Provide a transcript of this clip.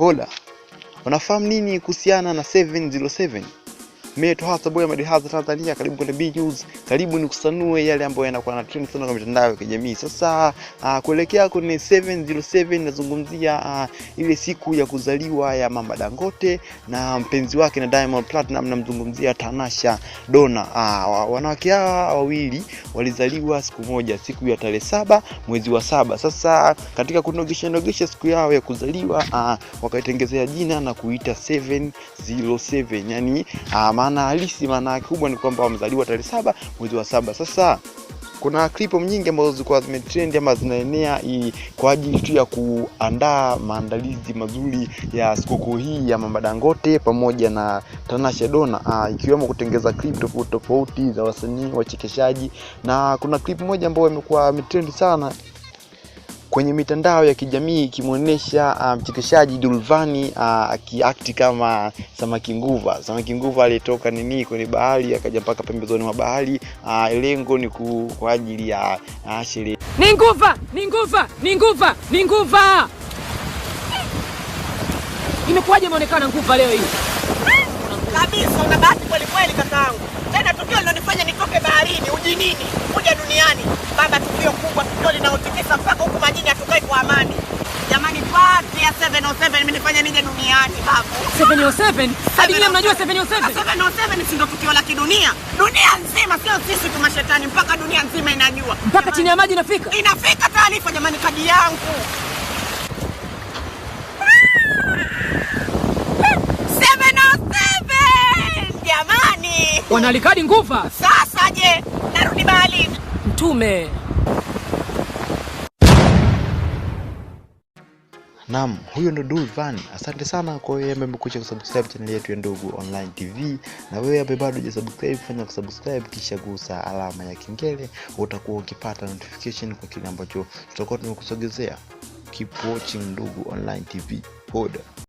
Hola, unafahamu nini kuhusiana na 707? Metoa Boy Madihaza Tanzania, karibu kwenye B News, karibu ni kusanue yale ambayo yanakuwa na trend sana kwa mitandao ya kijamii. Sasa uh, kuelekea kwenye 707 nazungumzia uh, ile siku ya kuzaliwa ya Mama Dangote na mpenzi wake na Diamond Platinum, namzungumzia Tanasha Dona. Uh, ah, wanawake hawa wawili walizaliwa siku moja, siku ya tarehe saba mwezi wa saba. Sasa katika kunogesha nogesha siku yao ya kuzaliwa uh, wakaitengezea jina na kuita 707 yani uh, maana halisi, maana yake kubwa ni kwamba wamezaliwa tarehe saba mwezi wa saba. Sasa kuna klipo nyingi ambazo zilikuwa zimetrend ama zinaenea kwa ajili tu ya kuandaa maandalizi mazuri ya sikukuu hii ya Mama Dangote pamoja na Tanasha Dona, ikiwemo kutengeza clip tofauti tofauti za wasanii wachekeshaji, na kuna clip moja ambayo imekuwa imetrend sana kwenye mitandao ya kijamii ikimwonyesha ah, mchekeshaji um, Dulvani ah, akiakti uh, kama samaki nguva. Samaki nguva aliyetoka nini kwenye bahari akaja mpaka pembezoni mwa bahari uh, lengo ni kwa ajili ya uh, sherehe. Ni nguva, ni nguva, ni nguva, ni nguva. Imekuwaje imeonekana nguva leo hii? Kabisa una bahati kweli kweli kakaangu. Tena joto linaotikisa mpaka huku majini hatukai kwa amani. Jamani, pati ya 707 imenifanya nije duniani babu. 707? Hadi leo mnajua 707? 707 ah, si ndio tukio la kidunia? Dunia nzima, sio sisi tu mashetani, mpaka dunia nzima inajua. Mpaka chini ya maji inafika. Inafika taarifa jamani, kadi yangu. wanalikadi nguva. Sasa je, narudi bali. Mtume Naam, huyo ndo Duvan. Asante sana kwa wewe ambaye umekuja kusubscribe channel yetu ya Ndugu Online TV, na wewe ambaye bado hujasubscribe, fanya kusubscribe kisha gusa alama ya kengele, utakuwa ukipata notification kwa kile ambacho tutakuwa tumekusogezea. Keep watching Ndugu Online TV. hoda